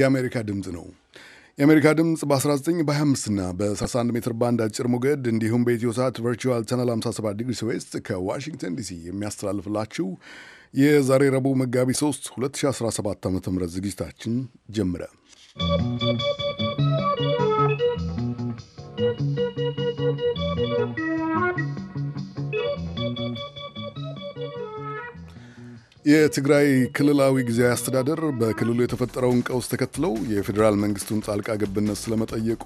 የአሜሪካ ድምፅ ነው። የአሜሪካ ድምፅ በ19 በ25ና በ31 ሜትር ባንድ አጭር ሞገድ እንዲሁም በኢትዮ ሰዓት ቨርቹዋል ቻናል 57 ዲግሪ ስዌስት ከዋሽንግተን ዲሲ የሚያስተላልፍላችሁ የዛሬ ረቡዕ መጋቢት 3 2017 ዓ ም ዝግጅታችን ጀምረ የትግራይ ክልላዊ ጊዜ አስተዳደር በክልሉ የተፈጠረውን ቀውስ ተከትለው የፌዴራል መንግስቱን ጣልቃ ገብነት ስለመጠየቁ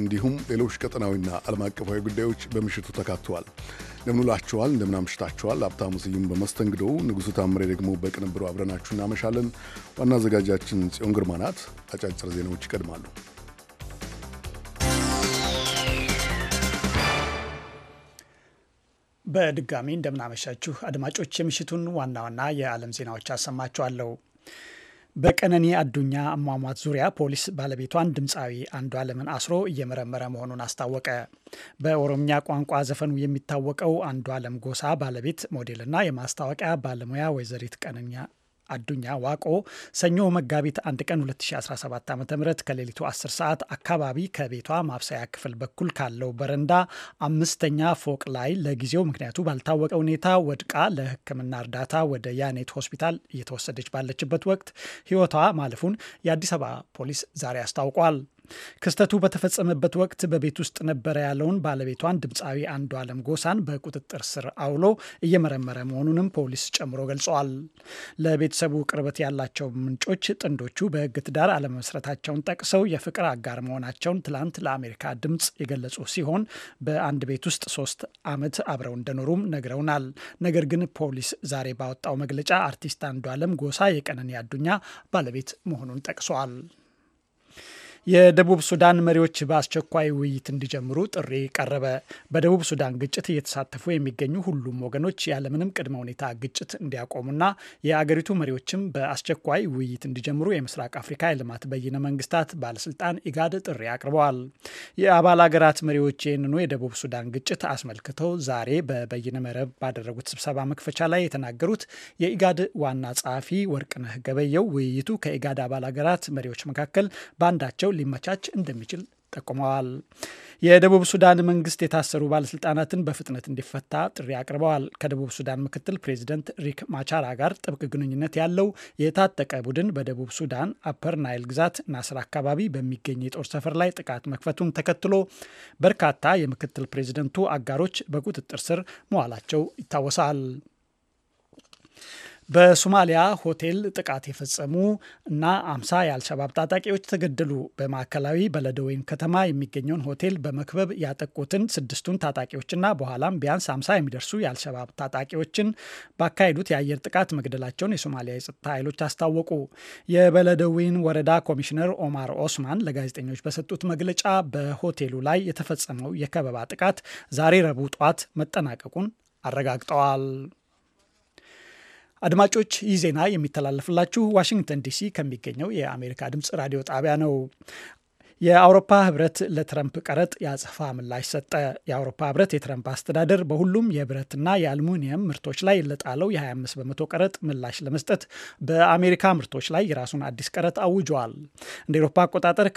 እንዲሁም ሌሎች ቀጠናዊና ዓለም አቀፋዊ ጉዳዮች በምሽቱ ተካተዋል። እንደምንውላችኋል፣ እንደምናምሽታችኋል። ሀብታሙ ስዩም በመስተንግዶው፣ ንጉሱ ታምሬ ደግሞ በቅንብሩ አብረናችሁ እናመሻለን። ዋና አዘጋጃችን ጽዮን ግርማ ናት። አጫጭር ዜናዎች ይቀድማሉ። በድጋሚ እንደምናመሻችሁ አድማጮች፣ የምሽቱን ዋና ዋና የዓለም ዜናዎች አሰማችኋለሁ። በቀነኒ አዱኛ አሟሟት ዙሪያ ፖሊስ ባለቤቷን ድምፃዊ አንዷለምን አስሮ እየመረመረ መሆኑን አስታወቀ። በኦሮምኛ ቋንቋ ዘፈኑ የሚታወቀው አንዷለም ጎሳ ባለቤት ሞዴልና የማስታወቂያ ባለሙያ ወይዘሪት ቀነኛ አዱኛ ዋቆ ሰኞ መጋቢት 1 ቀን 2017 ዓ ም ከሌሊቱ 10 ሰዓት አካባቢ ከቤቷ ማብሰያ ክፍል በኩል ካለው በረንዳ አምስተኛ ፎቅ ላይ ለጊዜው ምክንያቱ ባልታወቀ ሁኔታ ወድቃ ለሕክምና እርዳታ ወደ ያኔት ሆስፒታል እየተወሰደች ባለችበት ወቅት ሕይወቷ ማለፉን የአዲስ አበባ ፖሊስ ዛሬ አስታውቋል። ክስተቱ በተፈጸመበት ወቅት በቤት ውስጥ ነበረ ያለውን ባለቤቷን ድምፃዊ አንዱ አለም ጎሳን በቁጥጥር ስር አውሎ እየመረመረ መሆኑንም ፖሊስ ጨምሮ ገልጸዋል። ለቤተሰቡ ቅርበት ያላቸው ምንጮች ጥንዶቹ በህግ ትዳር አለመመስረታቸውን ጠቅሰው የፍቅር አጋር መሆናቸውን ትላንት ለአሜሪካ ድምፅ የገለጹ ሲሆን በአንድ ቤት ውስጥ ሶስት ዓመት አብረው እንደኖሩም ነግረውናል። ነገር ግን ፖሊስ ዛሬ ባወጣው መግለጫ አርቲስት አንዱ አለም ጎሳ የቀነኒ አዱኛ ባለቤት መሆኑን ጠቅሷል። የደቡብ ሱዳን መሪዎች በአስቸኳይ ውይይት እንዲጀምሩ ጥሪ ቀረበ። በደቡብ ሱዳን ግጭት እየተሳተፉ የሚገኙ ሁሉም ወገኖች ያለምንም ቅድመ ሁኔታ ግጭት እንዲያቆሙና የአገሪቱ መሪዎችም በአስቸኳይ ውይይት እንዲጀምሩ የምስራቅ አፍሪካ የልማት በይነ መንግስታት ባለስልጣን ኢጋድ ጥሪ አቅርበዋል። የአባል አገራት መሪዎች ይህንኑ የደቡብ ሱዳን ግጭት አስመልክተው ዛሬ በበይነ መረብ ባደረጉት ስብሰባ መክፈቻ ላይ የተናገሩት የኢጋድ ዋና ጸሐፊ ወርቅነህ ገበየው ውይይቱ ከኢጋድ አባል አገራት መሪዎች መካከል በአንዳቸው ሊመቻች እንደሚችል ጠቁመዋል። የደቡብ ሱዳን መንግስት የታሰሩ ባለስልጣናትን በፍጥነት እንዲፈታ ጥሪ አቅርበዋል። ከደቡብ ሱዳን ምክትል ፕሬዚደንት ሪክ ማቻራ ጋር ጥብቅ ግንኙነት ያለው የታጠቀ ቡድን በደቡብ ሱዳን አፐር ናይል ግዛት ናስር አካባቢ በሚገኝ የጦር ሰፈር ላይ ጥቃት መክፈቱን ተከትሎ በርካታ የምክትል ፕሬዚደንቱ አጋሮች በቁጥጥር ስር መዋላቸው ይታወሳል። በሶማሊያ ሆቴል ጥቃት የፈጸሙ እና አምሳ የአልሸባብ ታጣቂዎች ተገደሉ። በማዕከላዊ በለደወይን ከተማ የሚገኘውን ሆቴል በመክበብ ያጠቁትን ስድስቱን ታጣቂዎችና በኋላም ቢያንስ አምሳ የሚደርሱ የአልሸባብ ታጣቂዎችን ባካሄዱት የአየር ጥቃት መግደላቸውን የሶማሊያ የጸጥታ ኃይሎች አስታወቁ። የበለደዊን ወረዳ ኮሚሽነር ኦማር ኦስማን ለጋዜጠኞች በሰጡት መግለጫ በሆቴሉ ላይ የተፈጸመው የከበባ ጥቃት ዛሬ ረቡዕ ጧት መጠናቀቁን አረጋግጠዋል። አድማጮች ይህ ዜና የሚተላለፍላችሁ ዋሽንግተን ዲሲ ከሚገኘው የአሜሪካ ድምፅ ራዲዮ ጣቢያ ነው። የአውሮፓ ህብረት ለትረምፕ ቀረጥ የአጸፋ ምላሽ ሰጠ። የአውሮፓ ህብረት የትረምፕ አስተዳደር በሁሉም የብረትና የአልሙኒየም ምርቶች ላይ ለጣለው የ25 በመቶ ቀረጥ ምላሽ ለመስጠት በአሜሪካ ምርቶች ላይ የራሱን አዲስ ቀረጥ አውጇል። እንደ ኤሮፓ አቆጣጠር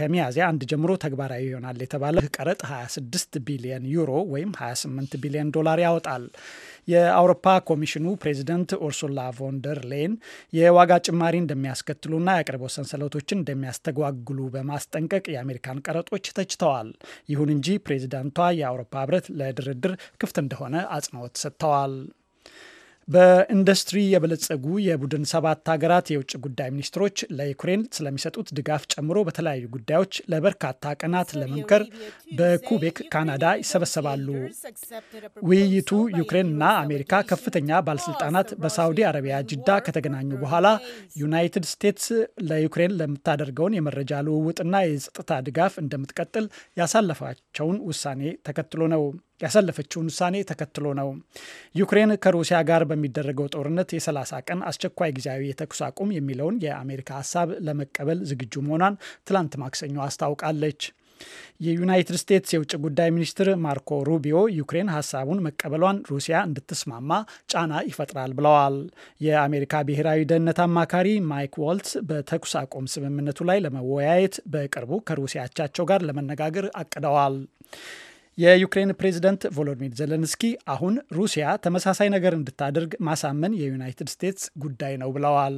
ከሚያዝያ አንድ ጀምሮ ተግባራዊ ይሆናል የተባለ ቀረጥ 26 ቢሊዮን ዩሮ ወይም 28 ቢሊዮን ዶላር ያወጣል። የአውሮፓ ኮሚሽኑ ፕሬዚደንት ኡርሱላ ቮንደር ሌን የዋጋ ጭማሪ እንደሚያስከትሉና የአቅርቦት ሰንሰለቶችን እንደሚያስተጓግሉ በማስጠንቀቅ የአሜሪካን ቀረጦች ተችተዋል። ይሁን እንጂ ፕሬዚዳንቷ የአውሮፓ ህብረት ለድርድር ክፍት እንደሆነ አጽንኦት ሰጥተዋል። በኢንዱስትሪ የበለጸጉ የቡድን ሰባት ሀገራት የውጭ ጉዳይ ሚኒስትሮች ለዩክሬን ስለሚሰጡት ድጋፍ ጨምሮ በተለያዩ ጉዳዮች ለበርካታ ቀናት ለመምከር በኩቤክ ካናዳ ይሰበሰባሉ። ውይይቱ ዩክሬንና አሜሪካ ከፍተኛ ባለስልጣናት በሳውዲ አረቢያ ጅዳ ከተገናኙ በኋላ ዩናይትድ ስቴትስ ለዩክሬን ለምታደርገውን የመረጃ ልውውጥና የጸጥታ ድጋፍ እንደምትቀጥል ያሳለፋቸውን ውሳኔ ተከትሎ ነው። ያሳለፈችውን ውሳኔ ተከትሎ ነው። ዩክሬን ከሩሲያ ጋር በሚደረገው ጦርነት የ30 ቀን አስቸኳይ ጊዜያዊ የተኩስ አቁም የሚለውን የአሜሪካ ሀሳብ ለመቀበል ዝግጁ መሆኗን ትላንት ማክሰኞ አስታውቃለች። የዩናይትድ ስቴትስ የውጭ ጉዳይ ሚኒስትር ማርኮ ሩቢዮ ዩክሬን ሀሳቡን መቀበሏን ሩሲያ እንድትስማማ ጫና ይፈጥራል ብለዋል። የአሜሪካ ብሔራዊ ደህንነት አማካሪ ማይክ ዋልትስ በተኩስ አቁም ስምምነቱ ላይ ለመወያየት በቅርቡ ከሩሲያ አቻቸው ጋር ለመነጋገር አቅደዋል። የዩክሬን ፕሬዝደንት ቮሎዲሚር ዘለንስኪ አሁን ሩሲያ ተመሳሳይ ነገር እንድታደርግ ማሳመን የዩናይትድ ስቴትስ ጉዳይ ነው ብለዋል።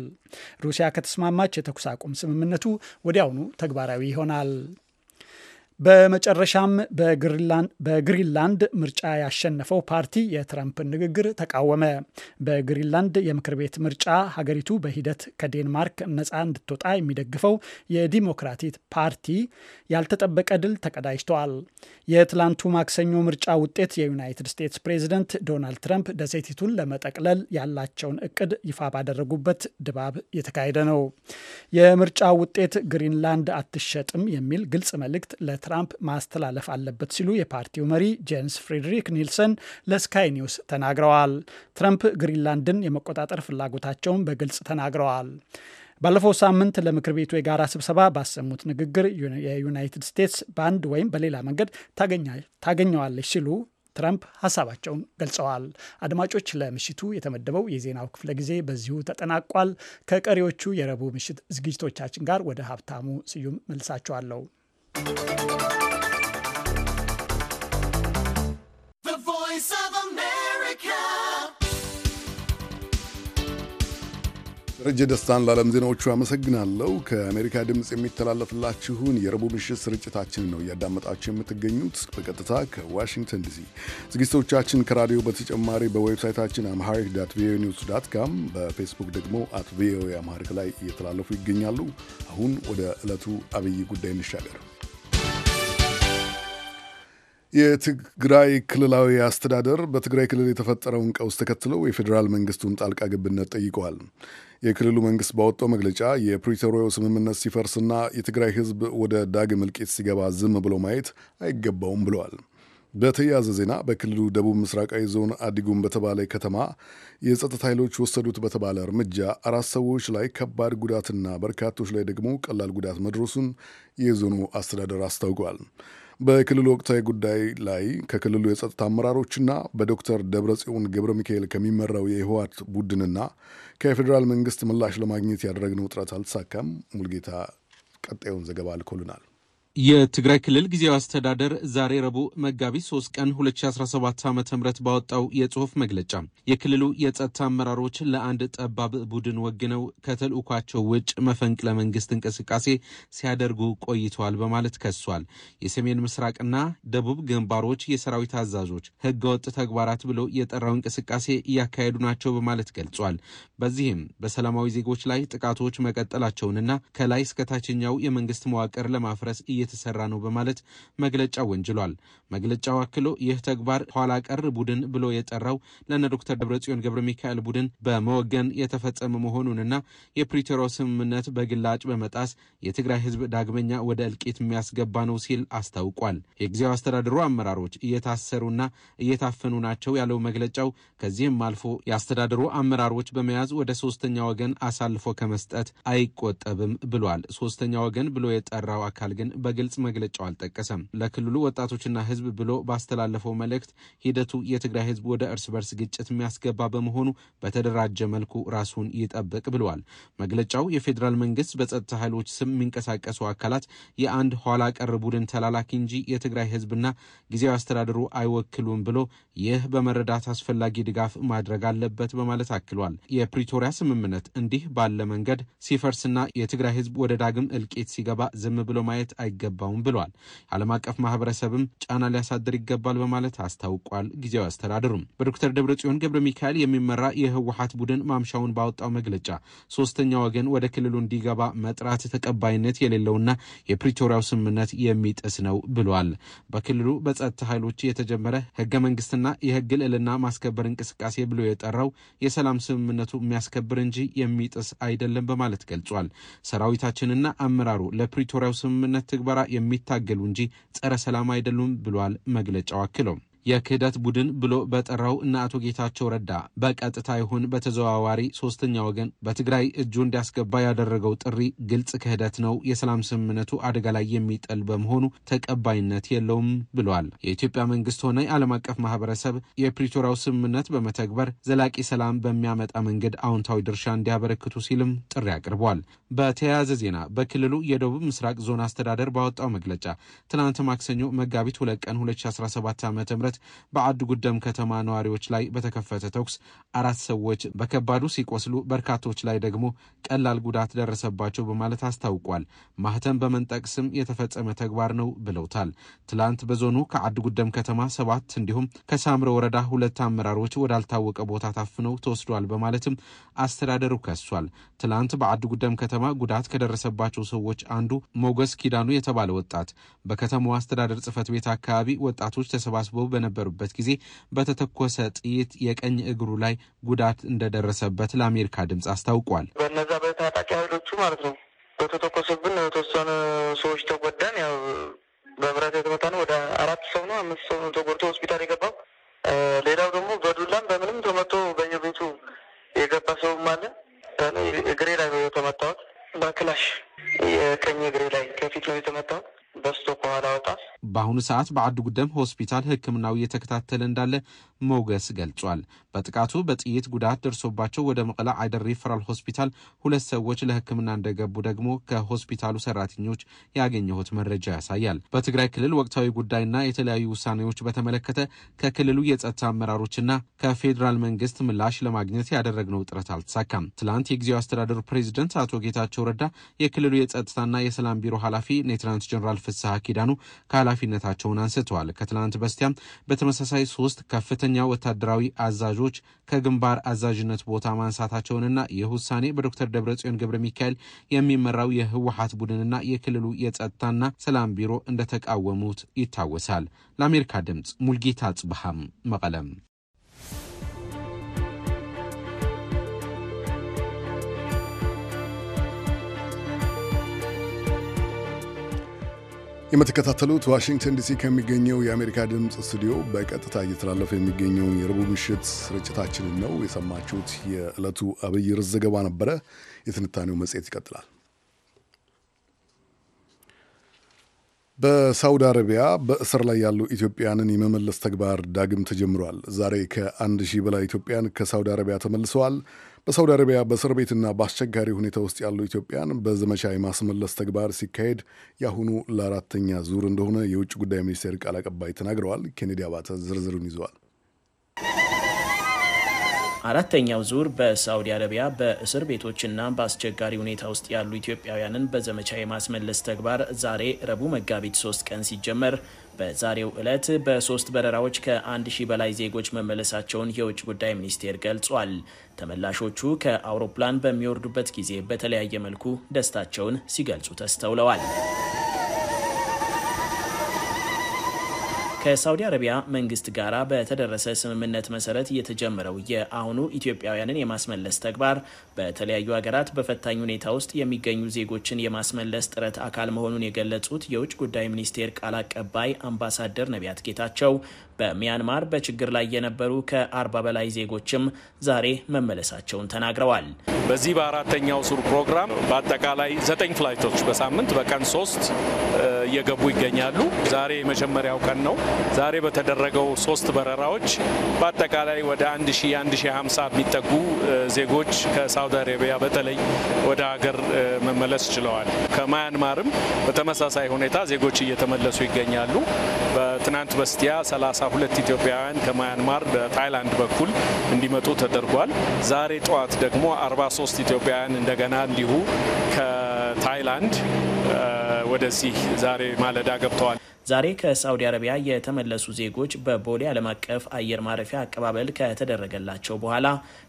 ሩሲያ ከተስማማች የተኩስ አቁም ስምምነቱ ወዲያውኑ ተግባራዊ ይሆናል። በመጨረሻም በግሪንላንድ ምርጫ ያሸነፈው ፓርቲ የትራምፕን ንግግር ተቃወመ። በግሪንላንድ የምክር ቤት ምርጫ ሀገሪቱ በሂደት ከዴንማርክ ነፃ እንድትወጣ የሚደግፈው የዲሞክራቲክ ፓርቲ ያልተጠበቀ ድል ተቀዳጅተዋል። የትላንቱ ማክሰኞ ምርጫ ውጤት የዩናይትድ ስቴትስ ፕሬዚደንት ዶናልድ ትራምፕ ደሴቲቱን ለመጠቅለል ያላቸውን እቅድ ይፋ ባደረጉበት ድባብ የተካሄደ ነው። የምርጫ ውጤት ግሪንላንድ አትሸጥም የሚል ግልጽ መልእክት ለትራ ትራምፕ ማስተላለፍ አለበት ሲሉ የፓርቲው መሪ ጄንስ ፍሬድሪክ ኒልሰን ለስካይ ኒውስ ተናግረዋል። ትራምፕ ግሪንላንድን የመቆጣጠር ፍላጎታቸውን በግልጽ ተናግረዋል። ባለፈው ሳምንት ለምክር ቤቱ የጋራ ስብሰባ ባሰሙት ንግግር የዩናይትድ ስቴትስ በአንድ ወይም በሌላ መንገድ ታገኘዋለች ሲሉ ትራምፕ ሀሳባቸውን ገልጸዋል። አድማጮች፣ ለምሽቱ የተመደበው የዜናው ክፍለ ጊዜ በዚሁ ተጠናቋል። ከቀሪዎቹ የረቡዕ ምሽት ዝግጅቶቻችን ጋር ወደ ሀብታሙ ስዩም መልሳችኋለሁ። ደረጀ ደስታን ለዓለም ዜናዎቹ አመሰግናለሁ። ከአሜሪካ ድምፅ የሚተላለፍላችሁን የረቡዕ ምሽት ስርጭታችን ነው እያዳመጣችሁ የምትገኙት በቀጥታ ከዋሽንግተን ዲሲ። ዝግጅቶቻችን ከራዲዮ በተጨማሪ በዌብሳይታችን አምሃሪክ ዳት ቪኦኤ ኒውስ ዳት ካም፣ በፌስቡክ ደግሞ አት ቪኦኤ አምሃሪክ ላይ እየተላለፉ ይገኛሉ። አሁን ወደ ዕለቱ አብይ ጉዳይ እንሻገር። የትግራይ ክልላዊ አስተዳደር በትግራይ ክልል የተፈጠረውን ቀውስ ተከትሎ የፌዴራል መንግስቱን ጣልቃ ግብነት ጠይቀዋል። የክልሉ መንግስት ባወጣው መግለጫ የፕሪቶሪያው ስምምነት ሲፈርስና የትግራይ ሕዝብ ወደ ዳግም እልቂት ሲገባ ዝም ብሎ ማየት አይገባውም ብለዋል። በተያያዘ ዜና በክልሉ ደቡብ ምስራቃዊ ዞን አዲጉም በተባለ ከተማ የጸጥታ ኃይሎች ወሰዱት በተባለ እርምጃ አራት ሰዎች ላይ ከባድ ጉዳትና በርካቶች ላይ ደግሞ ቀላል ጉዳት መድረሱን የዞኑ አስተዳደር አስታውቋል። በክልሉ ወቅታዊ ጉዳይ ላይ ከክልሉ የጸጥታ አመራሮችና በዶክተር ደብረጽዮን ገብረ ሚካኤል ከሚመራው የህወሓት ቡድንና ከፌዴራል መንግስት ምላሽ ለማግኘት ያደረግነው ጥረት አልተሳካም። ሙልጌታ ቀጣዩን ዘገባ አልኮልናል። የትግራይ ክልል ጊዜያዊ አስተዳደር ዛሬ ረቡዕ መጋቢት 3 ቀን 2017 ዓ ም ባወጣው የጽሑፍ መግለጫ የክልሉ የጸጥታ አመራሮች ለአንድ ጠባብ ቡድን ወግነው ከተልእኳቸው ውጭ መፈንቅለ መንግስት እንቅስቃሴ ሲያደርጉ ቆይተዋል በማለት ከሷል። የሰሜን ምስራቅና ደቡብ ግንባሮች የሰራዊት አዛዦች ህገወጥ ተግባራት ብሎ የጠራው እንቅስቃሴ እያካሄዱ ናቸው በማለት ገልጿል። በዚህም በሰላማዊ ዜጎች ላይ ጥቃቶች መቀጠላቸውንና ከላይ እስከ ታችኛው የመንግስት መዋቅር ለማፍረስ እየተሰራ ነው በማለት መግለጫ ወንጅሏል። መግለጫው አክሎ ይህ ተግባር ኋላ ቀር ቡድን ብሎ የጠራው ለነ ዶክተር ደብረጽዮን ገብረ ሚካኤል ቡድን በመወገን የተፈጸመ መሆኑንና የፕሪቶሪያው ስምምነት በግላጭ በመጣስ የትግራይ ህዝብ ዳግመኛ ወደ እልቂት የሚያስገባ ነው ሲል አስታውቋል። የጊዜው አስተዳደሩ አመራሮች እየታሰሩና እየታፈኑ ናቸው ያለው መግለጫው ከዚህም አልፎ የአስተዳደሩ አመራሮች በመያዝ ወደ ሶስተኛ ወገን አሳልፎ ከመስጠት አይቆጠብም ብሏል። ሶስተኛ ወገን ብሎ የጠራው አካል ግን በ በግልጽ መግለጫው አልጠቀሰም። ለክልሉ ወጣቶችና ህዝብ ብሎ ባስተላለፈው መልእክት ሂደቱ የትግራይ ህዝብ ወደ እርስ በርስ ግጭት የሚያስገባ በመሆኑ በተደራጀ መልኩ ራሱን ይጠብቅ ብለዋል። መግለጫው የፌዴራል መንግስት በጸጥታ ኃይሎች ስም የሚንቀሳቀሱ አካላት የአንድ ኋላ ቀር ቡድን ተላላኪ እንጂ የትግራይ ህዝብና ጊዜያዊ አስተዳደሩ አይወክሉም ብሎ ይህ በመረዳት አስፈላጊ ድጋፍ ማድረግ አለበት በማለት አክሏል። የፕሪቶሪያ ስምምነት እንዲህ ባለ መንገድ ሲፈርስና የትግራይ ህዝብ ወደ ዳግም እልቂት ሲገባ ዝም ብሎ ማየት አይገ አይገባውም ብለዋል። ዓለም አቀፍ ማህበረሰብም ጫና ሊያሳድር ይገባል በማለት አስታውቋል። ጊዜያዊ አስተዳደሩም በዶክተር ደብረጽዮን ገብረ ሚካኤል የሚመራ የህወሀት ቡድን ማምሻውን ባወጣው መግለጫ ሶስተኛ ወገን ወደ ክልሉ እንዲገባ መጥራት ተቀባይነት የሌለውና የፕሪቶሪያው ስምምነት የሚጥስ ነው ብሏል። በክልሉ በጸጥታ ኃይሎች የተጀመረ ህገ መንግስትና የህግ ልዕልና ማስከበር እንቅስቃሴ ብሎ የጠራው የሰላም ስምምነቱ የሚያስከብር እንጂ የሚጥስ አይደለም በማለት ገልጿል። ሰራዊታችንና አመራሩ ለፕሪቶሪያው ስምምነት ትግባ ትግበራ የሚታገሉ እንጂ ጸረ ሰላም አይደሉም ብሏል መግለጫው አክለው የክህደት ቡድን ብሎ በጠራው እነ አቶ ጌታቸው ረዳ በቀጥታ ይሁን በተዘዋዋሪ ሶስተኛ ወገን በትግራይ እጁ እንዲያስገባ ያደረገው ጥሪ ግልጽ ክህደት ነው፣ የሰላም ስምምነቱ አደጋ ላይ የሚጠል በመሆኑ ተቀባይነት የለውም ብሏል። የኢትዮጵያ መንግስት ሆነ የዓለም አቀፍ ማህበረሰብ የፕሪቶሪያው ስምምነት በመተግበር ዘላቂ ሰላም በሚያመጣ መንገድ አዎንታዊ ድርሻ እንዲያበረክቱ ሲልም ጥሪ አቅርቧል። በተያያዘ ዜና በክልሉ የደቡብ ምስራቅ ዞን አስተዳደር ባወጣው መግለጫ ትናንት ማክሰኞ መጋቢት 2 ቀን 2017 ዓ ም መሰረት በአዲ ጉደም ከተማ ነዋሪዎች ላይ በተከፈተ ተኩስ አራት ሰዎች በከባዱ ሲቆስሉ በርካቶች ላይ ደግሞ ቀላል ጉዳት ደረሰባቸው በማለት አስታውቋል። ማህተም በመንጠቅ ስም የተፈጸመ ተግባር ነው ብለውታል። ትላንት በዞኑ ከአዲ ጉደም ከተማ ሰባት እንዲሁም ከሳምረ ወረዳ ሁለት አመራሮች ወዳልታወቀ ቦታ ታፍነው ተወስዷል በማለትም አስተዳደሩ ከሷል። ትላንት በአዲ ጉደም ከተማ ጉዳት ከደረሰባቸው ሰዎች አንዱ ሞገስ ኪዳኑ የተባለ ወጣት በከተማው አስተዳደር ጽህፈት ቤት አካባቢ ወጣቶች ተሰባስበው በነበሩበት ጊዜ በተተኮሰ ጥይት የቀኝ እግሩ ላይ ጉዳት እንደደረሰበት ለአሜሪካ ድምፅ አስታውቋል። በነዛ በታጣቂ ኃይሎቹ ማለት ነው በተተኮሰብን የተወሰኑ ሰዎች ተጎዳን። ያው በብረት የተመታ ወደ አራት ሰው ነው አምስት ሰው ተጎድቶ ሆስፒታል የገባው። ሌላው ደግሞ በዱላም በምንም ተመቶ በየቤቱ የገባ ሰውም አለ። እግሬ ላይ ነው የተመታሁት በክላሽ የቀኝ እግሬ ላይ ከፊት ነው የተመታሁት። በስቶ ከኋላ ወጣ በአሁኑ ሰዓት በአዱ ጉደም ሆስፒታል ሕክምናው እየተከታተለ እንዳለ ሞገስ ገልጿል። በጥቃቱ በጥይት ጉዳት ደርሶባቸው ወደ መቀለ አይደር ሪፈራል ሆስፒታል ሁለት ሰዎች ለሕክምና እንደገቡ ደግሞ ከሆስፒታሉ ሰራተኞች ያገኘሁት መረጃ ያሳያል። በትግራይ ክልል ወቅታዊ ጉዳይና የተለያዩ ውሳኔዎች በተመለከተ ከክልሉ የጸጥታ አመራሮችና ከፌዴራል መንግስት ምላሽ ለማግኘት ያደረግነው ጥረት አልተሳካም። ትላንት የጊዜው አስተዳደሩ ፕሬዚደንት አቶ ጌታቸው ረዳ የክልሉ የጸጥታና የሰላም ቢሮ ኃላፊ ሌተናንት ጀኔራል ፍስሐ ኪዳኑ ኃላፊነታቸውን አንስተዋል። ከትላንት በስቲያም በተመሳሳይ ሶስት ከፍተኛ ወታደራዊ አዛዦች ከግንባር አዛዥነት ቦታ ማንሳታቸውንና ይህ ውሳኔ በዶክተር ደብረጽዮን ገብረ ሚካኤል የሚመራው የህወሀት ቡድንና የክልሉ የጸጥታና ሰላም ቢሮ እንደተቃወሙት ይታወሳል። ለአሜሪካ ድምፅ ሙልጌታ ጽብሃም መቀለም የምትከታተሉት ዋሽንግተን ዲሲ ከሚገኘው የአሜሪካ ድምፅ ስቱዲዮ በቀጥታ እየተላለፈ የሚገኘውን የረቡዕ ምሽት ስርጭታችንን ነው የሰማችሁት። የዕለቱ አብይ ርዕስ ዘገባ ነበረ። የትንታኔው መጽሔት ይቀጥላል። በሳውዲ አረቢያ በእስር ላይ ያሉ ኢትዮጵያንን የመመለስ ተግባር ዳግም ተጀምሯል። ዛሬ ከአንድ ሺህ በላይ ኢትዮጵያን ከሳውዲ አረቢያ ተመልሰዋል። በሳውዲ አረቢያ በእስር ቤትና በአስቸጋሪ ሁኔታ ውስጥ ያሉ ኢትዮጵያን በዘመቻ የማስመለስ ተግባር ሲካሄድ የአሁኑ ለአራተኛ ዙር እንደሆነ የውጭ ጉዳይ ሚኒስቴር ቃል አቀባይ ተናግረዋል። ኬኔዲ አባተ ዝርዝሩን ይዘዋል። አራተኛው ዙር በሳውዲ አረቢያ በእስር ቤቶችና በአስቸጋሪ ሁኔታ ውስጥ ያሉ ኢትዮጵያውያንን በዘመቻ የማስመለስ ተግባር ዛሬ ረቡዕ መጋቢት ሶስት ቀን ሲጀመር በዛሬው ዕለት በሶስት በረራዎች ከአንድ ሺህ በላይ ዜጎች መመለሳቸውን የውጭ ጉዳይ ሚኒስቴር ገልጿል። ተመላሾቹ ከአውሮፕላን በሚወርዱበት ጊዜ በተለያየ መልኩ ደስታቸውን ሲገልጹ ተስተውለዋል። ከሳውዲ አረቢያ መንግስት ጋር በተደረሰ ስምምነት መሰረት የተጀመረው የአሁኑ ኢትዮጵያውያንን የማስመለስ ተግባር በተለያዩ ሀገራት በፈታኝ ሁኔታ ውስጥ የሚገኙ ዜጎችን የማስመለስ ጥረት አካል መሆኑን የገለጹት የውጭ ጉዳይ ሚኒስቴር ቃል አቀባይ አምባሳደር ነቢያት ጌታቸው በሚያንማር በችግር ላይ የነበሩ ከአርባ በላይ ዜጎችም ዛሬ መመለሳቸውን ተናግረዋል። በዚህ በአራተኛው ሱር ፕሮግራም በአጠቃላይ ዘጠኝ ፍላይቶች በሳምንት በቀን ሶስት እየገቡ ይገኛሉ። ዛሬ የመጀመሪያው ቀን ነው። ዛሬ በተደረገው ሶስት በረራዎች በአጠቃላይ ወደ 1150 የሚጠጉ ዜጎች ከሳውዲ አረቢያ በተለይ ወደ ሀገር መመለስ ችለዋል። ከማያንማርም በተመሳሳይ ሁኔታ ዜጎች እየተመለሱ ይገኛሉ። በትናንት በስቲያ 30 32 ኢትዮጵያውያን ከማያንማር በታይላንድ በኩል እንዲመጡ ተደርጓል። ዛሬ ጠዋት ደግሞ 43 ኢትዮጵያውያን እንደገና እንዲሁ ከታይላንድ ወደዚህ ዛሬ ማለዳ ገብተዋል። ዛሬ ከሳውዲ አረቢያ የተመለሱ ዜጎች በቦሌ ዓለም አቀፍ አየር ማረፊያ አቀባበል ከተደረገላቸው በኋላ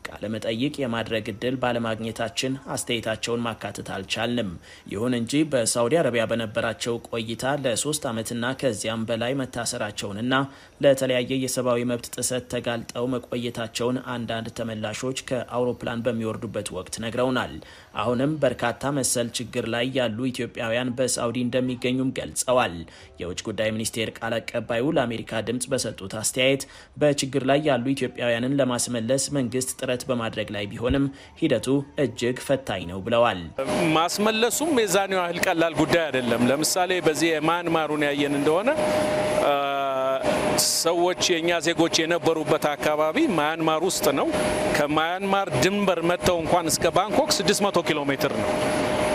ቃለመጠይቅ የማድረግ እድል ባለማግኘታችን አስተያየታቸውን ማካተት አልቻልንም። ይሁን እንጂ በሳውዲ አረቢያ በነበራቸው ቆይታ ለሶስት ዓመትና ከዚያም በላይ መታሰራቸውንና ለተለያየ የሰብአዊ መብት ጥሰት ተጋልጠው መቆየታቸውን አንዳንድ ተመላሾች ከአውሮፕላን በሚወርዱበት ወቅት ነግረውናል። አሁንም በርካታ መሰል ችግር ላይ ያሉ ኢትዮጵያውያን በሳውዲ እንደሚገኙም ገልጸዋል። የውጭ ጉዳይ ሚኒስቴር ቃል አቀባዩ ለአሜሪካ ድምፅ በሰጡት አስተያየት በችግር ላይ ያሉ ኢትዮጵያውያንን ለማስመለስ መንግስት ጥረት በማድረግ ላይ ቢሆንም ሂደቱ እጅግ ፈታኝ ነው ብለዋል። ማስመለሱም የዛኔው ያህል ቀላል ጉዳይ አይደለም። ለምሳሌ በዚህ የማንማሩን ያየን እንደሆነ ሰዎች የእኛ ዜጎች የነበሩበት አካባቢ ማያንማር ውስጥ ነው። ከማያንማር ድንበር መጥተው እንኳን እስከ ባንኮክ 600 ኪሎ ሜትር ነው።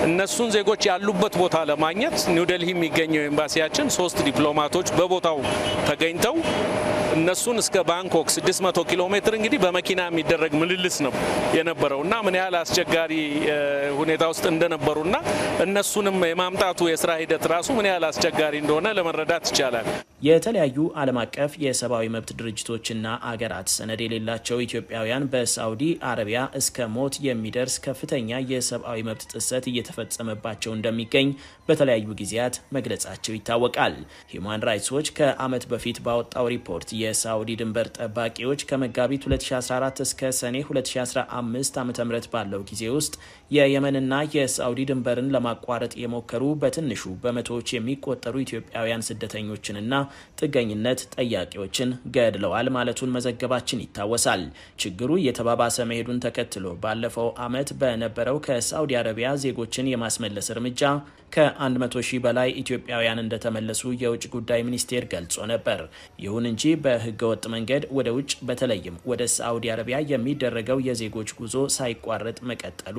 እነሱን ዜጎች ያሉበት ቦታ ለማግኘት ኒውደልሂ የሚገኘው ኤምባሲያችን ሶስት ዲፕሎማቶች በቦታው ተገኝተው እነሱን እስከ ባንኮክ 600 ኪሎ ሜትር እንግዲህ በመኪና የሚደረግ ምልልስ ነው የነበረው እና ምን ያህል አስቸጋሪ ሁኔታ ውስጥ እንደነበሩ እና እነሱንም የማምጣቱ የስራ ሂደት ራሱ ምን ያህል አስቸጋሪ እንደሆነ ለመረዳት ይቻላል። የተለያዩ ዓለም አቀፍ የሰብአዊ መብት ድርጅቶችና አገራት ሰነድ የሌላቸው ኢትዮጵያውያን በሳውዲ አረቢያ እስከ ሞት የሚደርስ ከፍተኛ የሰብአዊ መብት ጥሰት እየተፈጸመባቸው እንደሚገኝ በተለያዩ ጊዜያት መግለጻቸው ይታወቃል። ሂውማን ራይትስ ዎች ከዓመት በፊት ባወጣው ሪፖርት የሳውዲ ድንበር ጠባቂዎች ከመጋቢት 2014 እስከ ሰኔ 2015 ዓ ም ባለው ጊዜ ውስጥ የየመንና የሳውዲ ድንበርን ለማቋረጥ የሞከሩ በትንሹ በመቶዎች የሚቆጠሩ ኢትዮጵያውያን ስደተኞችንና ጥገኝነት ጠያቂዎችን ገድለዋል ማለቱን መዘገባችን ይታወሳል። ችግሩ እየተባባሰ መሄዱን ተከትሎ ባለፈው ዓመት በነበረው ከሳውዲ አረቢያ ዜጎችን የማስመለስ እርምጃ ከ100 ሺህ በላይ ኢትዮጵያውያን እንደተመለሱ የውጭ ጉዳይ ሚኒስቴር ገልጾ ነበር። ይሁን እንጂ በህገወጥ መንገድ ወደ ውጭ በተለይም ወደ ሳዑዲ አረቢያ የሚደረገው የዜጎች ጉዞ ሳይቋረጥ መቀጠሉ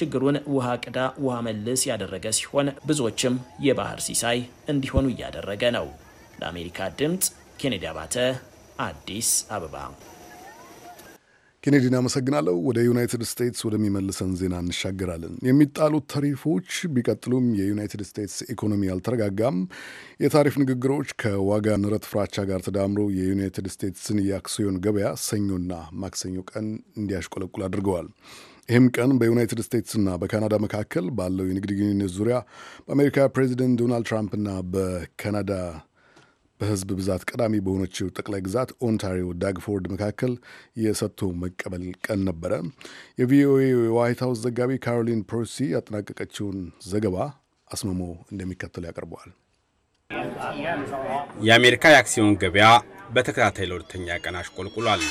ችግሩን ውሃ ቅዳ ውሃ መልስ ያደረገ ሲሆን ብዙዎችም የባህር ሲሳይ እንዲሆኑ እያደረገ ነው። ለአሜሪካ ድምፅ ኬኔዲ አባተ አዲስ አበባ ኬኔዲን አመሰግናለሁ። ወደ ዩናይትድ ስቴትስ ወደሚመልሰን ዜና እንሻገራለን። የሚጣሉት ታሪፎች ቢቀጥሉም የዩናይትድ ስቴትስ ኢኮኖሚ አልተረጋጋም። የታሪፍ ንግግሮች ከዋጋ ንረት ፍራቻ ጋር ተዳምሮ የዩናይትድ ስቴትስን የአክሲዮን ገበያ ሰኞና ማክሰኞ ቀን እንዲያሽቆለቁል አድርገዋል። ይህም ቀን በዩናይትድ ስቴትስና በካናዳ መካከል ባለው የንግድ ግንኙነት ዙሪያ በአሜሪካ ፕሬዚደንት ዶናልድ ትራምፕና በካናዳ በህዝብ ብዛት ቀዳሚ በሆነችው ጠቅላይ ግዛት ኦንታሪዮ ዳግፎርድ መካከል የሰጥቶ መቀበል ቀን ነበረ። የቪኦኤ የዋይት ሀውስ ዘጋቢ ካሮሊን ፕሮሲ ያጠናቀቀችውን ዘገባ አስመሞ እንደሚከተል ያቀርበዋል። የአሜሪካ የአክሲዮን ገበያ በተከታታይ ለሁለተኛ ቀን አሽቆልቁሏል።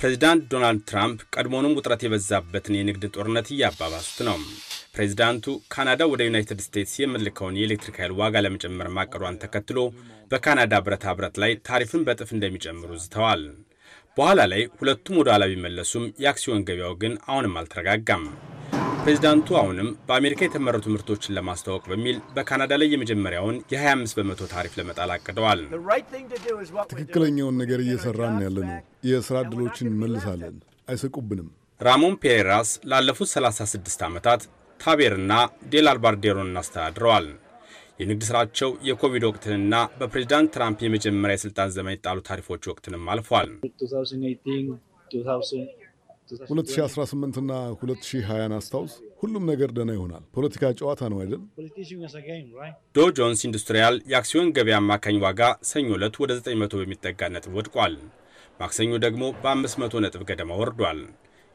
ፕሬዚዳንት ዶናልድ ትራምፕ ቀድሞውንም ውጥረት የበዛበትን የንግድ ጦርነት እያባባሱት ነው። ፕሬዚዳንቱ ካናዳ ወደ ዩናይትድ ስቴትስ የምልከውን የኤሌክትሪክ ኃይል ዋጋ ለመጨመር ማቀዷን ተከትሎ በካናዳ ብረታ ብረት ላይ ታሪፍን በጥፍ እንደሚጨምሩ ዝተዋል። በኋላ ላይ ሁለቱም ወደ ኋላ ቢመለሱም የአክሲዮን ገበያው ግን አሁንም አልተረጋጋም። ፕሬዚዳንቱ አሁንም በአሜሪካ የተመረቱ ምርቶችን ለማስተዋወቅ በሚል በካናዳ ላይ የመጀመሪያውን የ25 በመቶ ታሪፍ ለመጣል አቅደዋል። ትክክለኛውን ነገር እየሰራን ያለ ነው። የስራ ዕድሎችን መልሳለን፣ አይሰቁብንም። ራሞን ፔሬራስ ላለፉት 36 ዓመታት ታቤርና ዴላልባርዴሮን አስተዳድረዋል። የንግድ ስራቸው የኮቪድ ወቅትንና በፕሬዚዳንት ትራምፕ የመጀመሪያ የስልጣን ዘመን የጣሉ ታሪፎች ወቅትንም አልፏል። 2018ና 2020ን አስታውስ። ሁሉም ነገር ደህና ይሆናል። ፖለቲካ ጨዋታ ነው አይደል? ዶው ጆንስ ኢንዱስትሪያል የአክሲዮን ገበያ አማካኝ ዋጋ ሰኞ ዕለት ወደ 900 በሚጠጋ ነጥብ ወድቋል። ማክሰኞ ደግሞ በ500 ነጥብ ገደማ ወርዷል።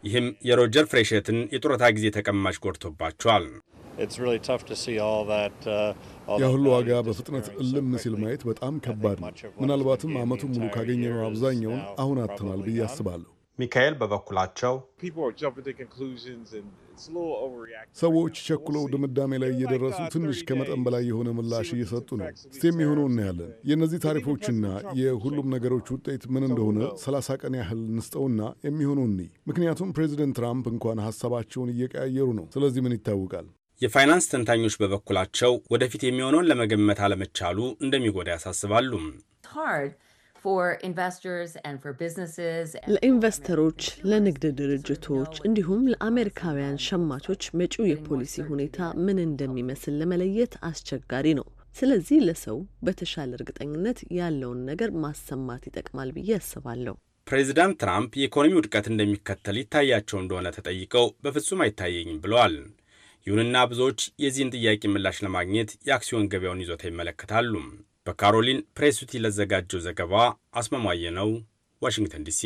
ይህም የሮጀር ፍሬሸትን የጡረታ ጊዜ ተቀማጭ ጎድቶባቸዋል። uh, ያ ሁሉ ዋጋ በፍጥነት እልም ሲል ማየት በጣም ከባድ ነው። ምናልባትም ዓመቱን ሙሉ ካገኘነው አብዛኛውን አሁን አጥተናል ብዬ አስባለሁ። ሚካኤል በበኩላቸው ሰዎች ቸኩለው ድምዳሜ ላይ እየደረሱ uh, ትንሽ ከመጠን በላይ የሆነ ምላሽ እየሰጡ ነው። እስቲ የሚሆነው እናያለን። የእነዚህ ታሪፎችና የሁሉም ነገሮች ውጤት ምን እንደሆነ ሰላሳ ቀን ያህል ንስጠውና የሚሆነው እኒ ምክንያቱም ፕሬዚደንት ትራምፕ እንኳን ሀሳባቸውን እየቀያየሩ ነው። ስለዚህ ምን ይታወቃል? የፋይናንስ ተንታኞች በበኩላቸው ወደፊት የሚሆነውን ለመገመት አለመቻሉ እንደሚጎዳ ያሳስባሉ። ለኢንቨስተሮች፣ ለንግድ ድርጅቶች እንዲሁም ለአሜሪካውያን ሸማቾች መጪው የፖሊሲ ሁኔታ ምን እንደሚመስል ለመለየት አስቸጋሪ ነው። ስለዚህ ለሰው በተሻለ እርግጠኝነት ያለውን ነገር ማሰማት ይጠቅማል ብዬ አስባለሁ። ፕሬዚዳንት ትራምፕ የኢኮኖሚ ውድቀት እንደሚከተል ይታያቸው እንደሆነ ተጠይቀው በፍጹም አይታየኝም ብለዋል። ይሁንና ብዙዎች የዚህን ጥያቄ ምላሽ ለማግኘት የአክሲዮን ገበያውን ይዞታ ይመለከታሉ። በካሮሊን ፕሬስቲ ለዘጋጀው ዘገባ አስማማየ ነው፣ ዋሽንግተን ዲሲ።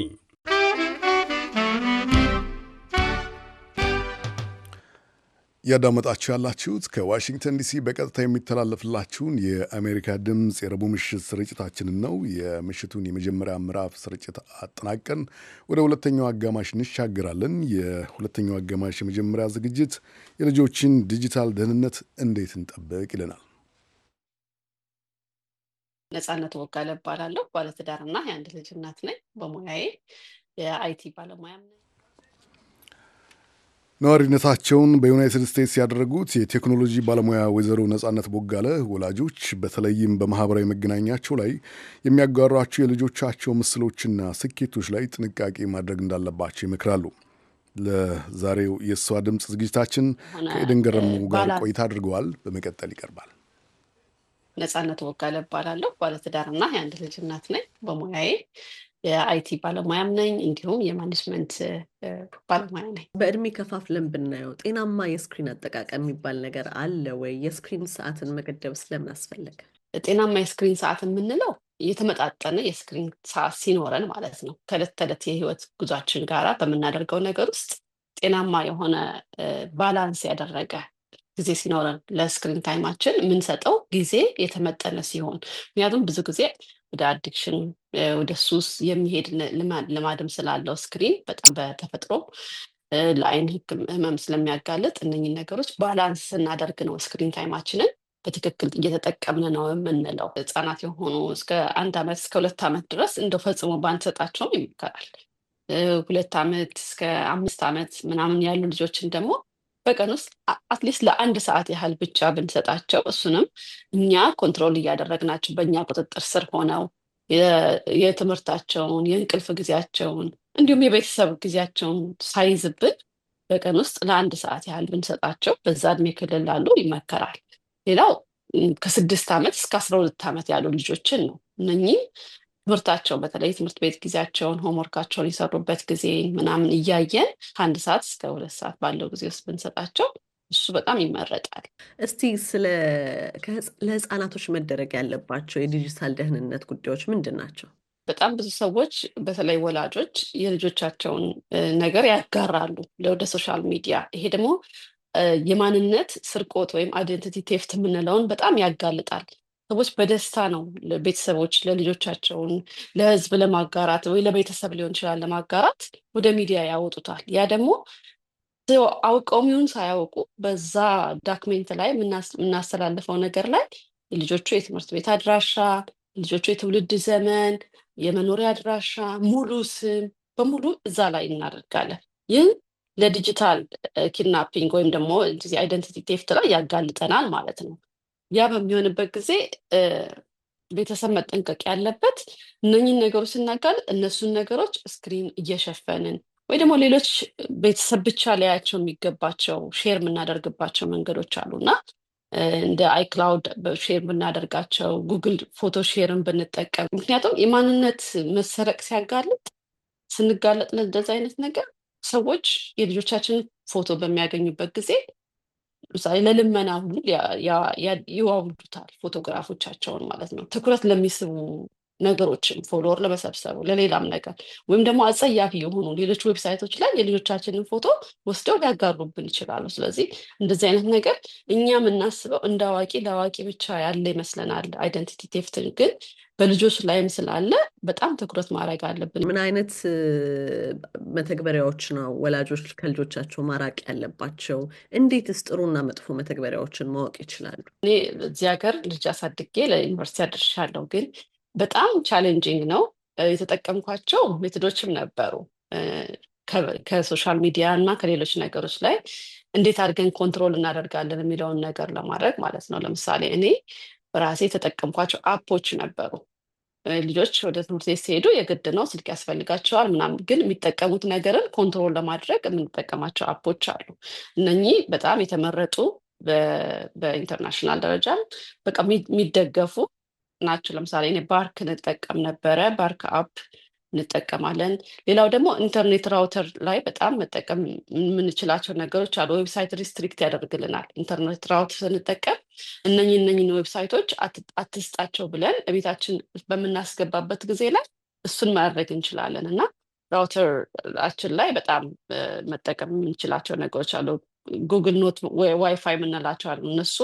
እያዳመጣችሁ ያላችሁት ከዋሽንግተን ዲሲ በቀጥታ የሚተላለፍላችሁን የአሜሪካ ድምፅ የረቡዕ ምሽት ስርጭታችንን ነው። የምሽቱን የመጀመሪያ ምዕራፍ ስርጭት አጠናቀን ወደ ሁለተኛው አጋማሽ እንሻገራለን። የሁለተኛው አጋማሽ የመጀመሪያ ዝግጅት የልጆችን ዲጂታል ደህንነት እንዴት እንጠብቅ ይለናል። ነጻነት ወጋለ እባላለሁ። ና የአንድ ልጅ እናት ነኝ። በሙያዬ የአይቲ ባለሙያም ነኝ። ነዋሪነታቸውን በዩናይትድ ስቴትስ ያደረጉት የቴክኖሎጂ ባለሙያ ወይዘሮ ነጻነት ቦጋለ ወላጆች በተለይም በማህበራዊ መገናኛቸው ላይ የሚያጓሯቸው የልጆቻቸው ምስሎችና ስኬቶች ላይ ጥንቃቄ ማድረግ እንዳለባቸው ይመክራሉ። ለዛሬው የእሷ ድምፅ ዝግጅታችን ከኤደን ገረሙ ጋር ቆይታ አድርገዋል። በመቀጠል ይቀርባል። ነጻነት ወጋለ እባላለሁ። ባለትዳርና የአንድ ልጅ እናት ነኝ። በሙያዬ የአይቲ ባለሙያም ነኝ፣ እንዲሁም የማኔጅመንት ባለሙያ ነኝ። በእድሜ ከፋፍለን ብናየው ጤናማ የስክሪን አጠቃቀም የሚባል ነገር አለ ወይ? የስክሪን ሰዓትን መገደብ ስለምን አስፈለገ? ጤናማ የስክሪን ሰዓት የምንለው የተመጣጠነ የስክሪን ሰዓት ሲኖረን ማለት ነው። ከዕለት ተዕለት የህይወት ጉዟችን ጋራ በምናደርገው ነገር ውስጥ ጤናማ የሆነ ባላንስ ያደረገ ጊዜ ሲኖረን ለስክሪን ታይማችን የምንሰጠው ጊዜ የተመጠነ ሲሆን ምክንያቱም ብዙ ጊዜ ወደ አዲክሽን ወደ ሱስ የሚሄድ ልማድም ስላለው ስክሪን በጣም በተፈጥሮ ለአይን ህመም ስለሚያጋልጥ እነኝህ ነገሮች ባላንስ ስናደርግ ነው ስክሪን ታይማችንን በትክክል እየተጠቀምን ነው የምንለው። ህጻናት የሆኑ እስከ አንድ አመት እስከ ሁለት ዓመት ድረስ እንደው ፈጽሞ ባንሰጣቸውም ይመከራል። ሁለት አመት እስከ አምስት አመት ምናምን ያሉ ልጆችን ደግሞ በቀን ውስጥ አትሊስት ለአንድ ሰዓት ያህል ብቻ ብንሰጣቸው እሱንም እኛ ኮንትሮል እያደረግናቸው በእኛ ቁጥጥር ስር ሆነው የትምህርታቸውን፣ የእንቅልፍ ጊዜያቸውን እንዲሁም የቤተሰብ ጊዜያቸውን ሳይዝብን በቀን ውስጥ ለአንድ ሰዓት ያህል ብንሰጣቸው በዛ እድሜ ክልል ላሉ ይመከራል። ሌላው ከስድስት ዓመት እስከ አስራ ሁለት ዓመት ያሉ ልጆችን ነው። እነህ ትምህርታቸውን በተለይ ትምህርት ቤት ጊዜያቸውን ሆምወርካቸውን የሰሩበት ጊዜ ምናምን እያየን ከአንድ ሰዓት እስከ ሁለት ሰዓት ባለው ጊዜ ውስጥ ብንሰጣቸው እሱ በጣም ይመረጣል። እስቲ ስለ ለህፃናቶች መደረግ ያለባቸው የዲጂታል ደህንነት ጉዳዮች ምንድን ናቸው? በጣም ብዙ ሰዎች በተለይ ወላጆች የልጆቻቸውን ነገር ያጋራሉ ወደ ሶሻል ሚዲያ። ይሄ ደግሞ የማንነት ስርቆት ወይም አይደንቲቲ ቴፍት የምንለውን በጣም ያጋልጣል። ሰዎች በደስታ ነው ቤተሰቦች ለልጆቻቸውን ለህዝብ ለማጋራት ወይ ለቤተሰብ ሊሆን ይችላል ለማጋራት ወደ ሚዲያ ያወጡታል። ያ ደግሞ አውቀውም ይሁን ሳያውቁ በዛ ዳክሜንት ላይ የምናስተላልፈው ነገር ላይ የልጆቹ የትምህርት ቤት አድራሻ፣ ልጆቹ የትውልድ ዘመን፣ የመኖሪያ አድራሻ፣ ሙሉ ስም በሙሉ እዛ ላይ እናደርጋለን። ይህ ለዲጂታል ኪድናፒንግ ወይም ደግሞ አይደንቲቲ ቴፍት ላይ ያጋልጠናል ማለት ነው። ያ በሚሆንበት ጊዜ ቤተሰብ መጠንቀቅ ያለበት እነኝን ነገሮች ስናጋልጥ እነሱን ነገሮች ስክሪን እየሸፈንን ወይ ደግሞ ሌሎች ቤተሰብ ብቻ ሊያያቸው የሚገባቸው ሼር የምናደርግባቸው መንገዶች አሉ እና እንደ አይክላውድ ሼር ብናደርጋቸው ጉግል ፎቶ ሼርን ብንጠቀም፣ ምክንያቱም የማንነት መሰረቅ ሲያጋልጥ ስንጋለጥ ለእንደዚ አይነት ነገር ሰዎች የልጆቻችንን ፎቶ በሚያገኙበት ጊዜ ለምሳሌ ለልመና ሁሉ ይዋውዱታል ፎቶግራፎቻቸውን ማለት ነው። ትኩረት ለሚስቡ ነገሮችን ፎሎወር ለመሰብሰቡ ለሌላም ነገር ወይም ደግሞ አጸያፊ የሆኑ ሌሎች ዌብሳይቶች ላይ የልጆቻችንን ፎቶ ወስደው ሊያጋሩብን ይችላሉ። ስለዚህ እንደዚህ አይነት ነገር እኛ የምናስበው እንደ አዋቂ ለአዋቂ ብቻ ያለ ይመስለናል። አይደንቲቲ ቴፍትን ግን በልጆች ላይም ስላለ በጣም ትኩረት ማድረግ አለብን። ምን አይነት መተግበሪያዎች ነው ወላጆች ከልጆቻቸው ማራቅ ያለባቸው? እንዴት ጥሩና መጥፎ መተግበሪያዎችን ማወቅ ይችላሉ? እኔ እዚህ ሀገር ልጅ አሳድጌ ለዩኒቨርሲቲ አድርሻለሁ፣ ግን በጣም ቻሌንጂንግ ነው። የተጠቀምኳቸው ሜትዶችም ነበሩ ከሶሻል ሚዲያ እና ከሌሎች ነገሮች ላይ እንዴት አድርገን ኮንትሮል እናደርጋለን የሚለውን ነገር ለማድረግ ማለት ነው። ለምሳሌ እኔ ራሴ የተጠቀምኳቸው አፖች ነበሩ። ልጆች ወደ ትምህርት ቤት ሲሄዱ የግድ ነው ስልክ ያስፈልጋቸዋል ምናም ግን የሚጠቀሙት ነገርን ኮንትሮል ለማድረግ የምንጠቀማቸው አፖች አሉ። እነኚህ በጣም የተመረጡ በኢንተርናሽናል ደረጃ በቃ የሚደገፉ ናቸው። ለምሳሌ እኔ ባርክ እንጠቀም ነበረ። ባርክ አፕ እንጠቀማለን። ሌላው ደግሞ ኢንተርኔት ራውተር ላይ በጣም መጠቀም የምንችላቸው ነገሮች አሉ። ዌብሳይት ሪስትሪክት ያደርግልናል። ኢንተርኔት ራውተር ስንጠቀም እነኝ እነኝን ዌብሳይቶች አትስጣቸው ብለን ቤታችን በምናስገባበት ጊዜ ላይ እሱን ማድረግ እንችላለን እና ራውተራችን ላይ በጣም መጠቀም የምንችላቸው ነገሮች አሉ። ጉግል ኖት ዋይፋይ የምንላቸው አሉ። እነሱ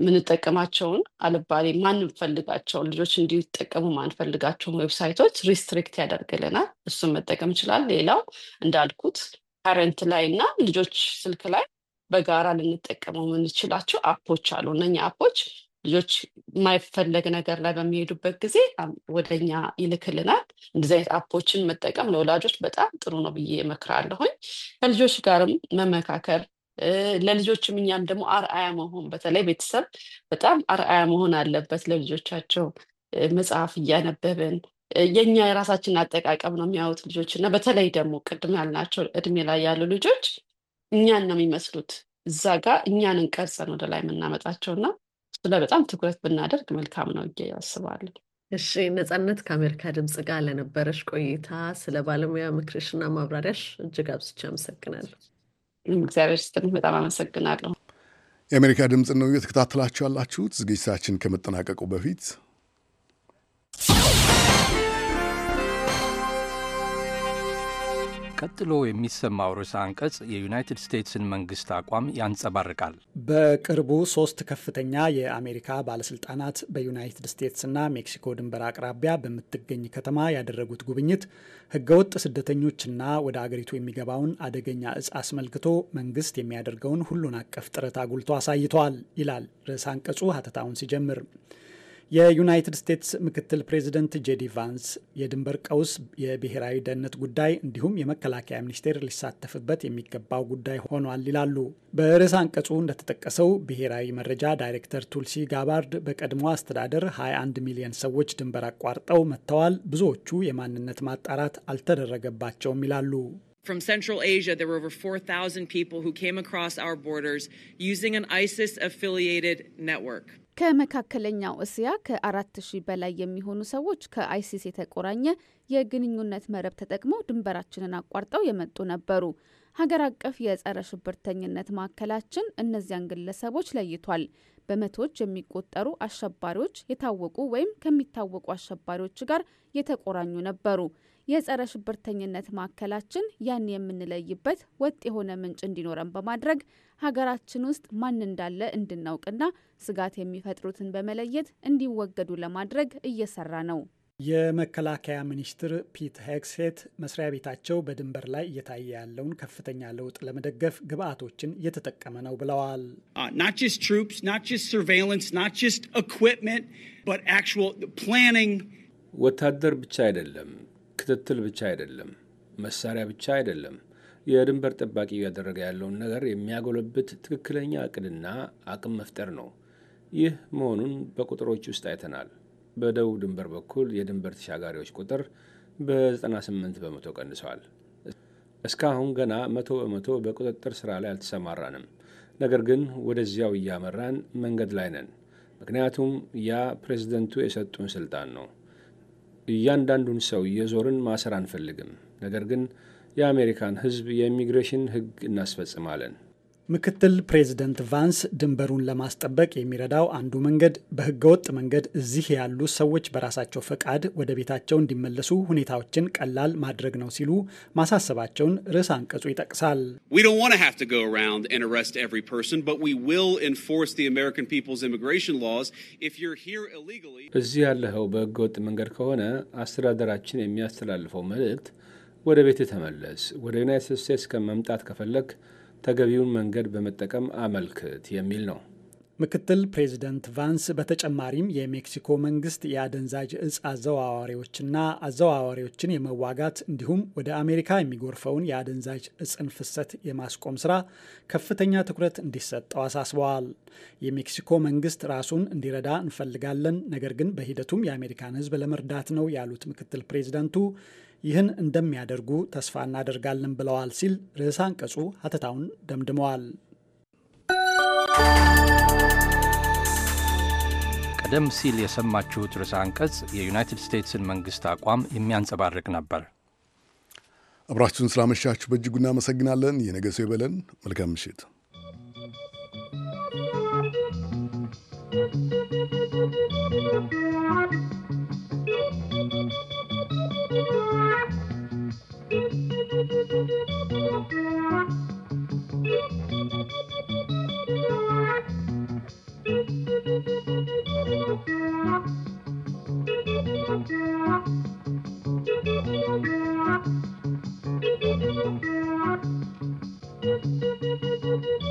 የምንጠቀማቸውን አልባሌ ማንፈልጋቸውን ልጆች እንዲጠቀሙ ማንፈልጋቸውን ዌብሳይቶች ሪስትሪክት ያደርግልናል። እሱን መጠቀም ይችላል። ሌላው እንዳልኩት ፓረንት ላይ እና ልጆች ስልክ ላይ በጋራ ልንጠቀመው የምንችላቸው አፖች አሉ። እነኛ አፖች ልጆች የማይፈለግ ነገር ላይ በሚሄዱበት ጊዜ ወደኛ ይልክልናል። እንደዚህ አይነት አፖችን መጠቀም ለወላጆች በጣም ጥሩ ነው ብዬ እመክራለሁኝ። ከልጆች ጋርም መመካከር ለልጆችም እኛም ደግሞ አርአያ መሆን በተለይ ቤተሰብ በጣም አርአያ መሆን አለበት ለልጆቻቸው መጽሐፍ እያነበብን የእኛ የራሳችንን አጠቃቀም ነው የሚያዩት ልጆች እና በተለይ ደግሞ ቅድም ያልናቸው እድሜ ላይ ያሉ ልጆች እኛን ነው የሚመስሉት። እዛ ጋ እኛን እንቀርጸን ወደ ላይ የምናመጣቸው እና ስለ በጣም ትኩረት ብናደርግ መልካም ነው እ ያስባለን እሺ ነፃነት፣ ከአሜሪካ ድምፅ ጋር ለነበረሽ ቆይታ ስለ ባለሙያ ምክርሽና ማብራሪያሽ እጅግ አብዝቼ አመሰግናለሁ። እግዚአብሔር ይስጥልኝ። በጣም አመሰግናለሁ። የአሜሪካ ድምፅ ነው እየተከታተላችሁ ያላችሁት። ዝግጅታችን ከመጠናቀቁ በፊት ቀጥሎ የሚሰማው ርዕሰ አንቀጽ የዩናይትድ ስቴትስን መንግስት አቋም ያንጸባርቃል። በቅርቡ ሶስት ከፍተኛ የአሜሪካ ባለስልጣናት በዩናይትድ ስቴትስና ሜክሲኮ ድንበር አቅራቢያ በምትገኝ ከተማ ያደረጉት ጉብኝት ህገወጥ ስደተኞችና ወደ አገሪቱ የሚገባውን አደገኛ እጽ አስመልክቶ መንግስት የሚያደርገውን ሁሉን አቀፍ ጥረት አጉልቶ አሳይተዋል ይላል ርዕሰ አንቀጹ ሀተታውን ሲጀምር የዩናይትድ ስቴትስ ምክትል ፕሬዚደንት ጄዲ ቫንስ የድንበር ቀውስ የብሔራዊ ደህንነት ጉዳይ እንዲሁም የመከላከያ ሚኒስቴር ሊሳተፍበት የሚገባው ጉዳይ ሆኗል ይላሉ። በርዕስ አንቀጹ እንደተጠቀሰው ብሔራዊ መረጃ ዳይሬክተር ቱልሲ ጋባርድ በቀድሞ አስተዳደር 21 ሚሊዮን ሰዎች ድንበር አቋርጠው መጥተዋል፣ ብዙዎቹ የማንነት ማጣራት አልተደረገባቸውም ይላሉ። From Central Asia, there were over 4,000 people who came across our borders using an ISIS affiliated network. ከመካከለኛው እስያ ከአራት ሺህ በላይ የሚሆኑ ሰዎች ከአይሲስ የተቆራኘ የግንኙነት መረብ ተጠቅመው ድንበራችንን አቋርጠው የመጡ ነበሩ። ሀገር አቀፍ የጸረ ሽብርተኝነት ማዕከላችን እነዚያን ግለሰቦች ለይቷል። በመቶዎች የሚቆጠሩ አሸባሪዎች የታወቁ ወይም ከሚታወቁ አሸባሪዎች ጋር የተቆራኙ ነበሩ። የጸረ ሽብርተኝነት ማዕከላችን ያን የምንለይበት ወጥ የሆነ ምንጭ እንዲኖረን በማድረግ ሀገራችን ውስጥ ማን እንዳለ እንድናውቅና ስጋት የሚፈጥሩትን በመለየት እንዲወገዱ ለማድረግ እየሰራ ነው። የመከላከያ ሚኒስትር ፒት ሄግሴት መስሪያ ቤታቸው በድንበር ላይ እየታየ ያለውን ከፍተኛ ለውጥ ለመደገፍ ግብአቶችን እየተጠቀመ ነው ብለዋል። uh, ወታደር ብቻ አይደለም ክትትል ብቻ አይደለም፣ መሳሪያ ብቻ አይደለም። የድንበር ጠባቂ እያደረገ ያለውን ነገር የሚያጎለብት ትክክለኛ እቅድና አቅም መፍጠር ነው። ይህ መሆኑን በቁጥሮች ውስጥ አይተናል። በደቡብ ድንበር በኩል የድንበር ተሻጋሪዎች ቁጥር በ98 በመቶ ቀንሷል። እስካሁን ገና መቶ በመቶ በቁጥጥር ስራ ላይ አልተሰማራንም። ነገር ግን ወደዚያው እያመራን መንገድ ላይ ነን። ምክንያቱም ያ ፕሬዝደንቱ የሰጡን ስልጣን ነው። እያንዳንዱን ሰው እየዞርን ማሰር አንፈልግም። ነገር ግን የአሜሪካን ሕዝብ የኢሚግሬሽን ሕግ እናስፈጽማለን። ምክትል ፕሬዚደንት ቫንስ ድንበሩን ለማስጠበቅ የሚረዳው አንዱ መንገድ በህገወጥ መንገድ እዚህ ያሉ ሰዎች በራሳቸው ፈቃድ ወደ ቤታቸው እንዲመለሱ ሁኔታዎችን ቀላል ማድረግ ነው ሲሉ ማሳሰባቸውን ርዕስ አንቀጹ ይጠቅሳል። እዚህ ያለኸው በህገወጥ መንገድ ከሆነ አስተዳደራችን የሚያስተላልፈው መልእክት ወደ ቤት ተመለስ፣ ወደ ዩናይትድ ስቴትስ ከመምጣት ከፈለግ ተገቢውን መንገድ በመጠቀም አመልክት የሚል ነው። ምክትል ፕሬዚደንት ቫንስ በተጨማሪም የሜክሲኮ መንግስት የአደንዛዥ እጽ አዘዋዋሪዎችና አዘዋዋሪዎችን የመዋጋት እንዲሁም ወደ አሜሪካ የሚጎርፈውን የአደንዛዥ እጽን ፍሰት የማስቆም ስራ ከፍተኛ ትኩረት እንዲሰጠው አሳስበዋል። የሜክሲኮ መንግስት ራሱን እንዲረዳ እንፈልጋለን፣ ነገር ግን በሂደቱም የአሜሪካን ህዝብ ለመርዳት ነው ያሉት ምክትል ፕሬዚደንቱ ይህን እንደሚያደርጉ ተስፋ እናደርጋለን ብለዋል ሲል ርዕሰ አንቀጹ ሀተታውን ደምድመዋል። ቀደም ሲል የሰማችሁት ርዕሰ አንቀጽ የዩናይትድ ስቴትስን መንግሥት አቋም የሚያንጸባርቅ ነበር። አብራችሁን ስላመሻችሁ በእጅጉ እናመሰግናለን። የነገ ሰው ይበለን። መልካም ምሽት።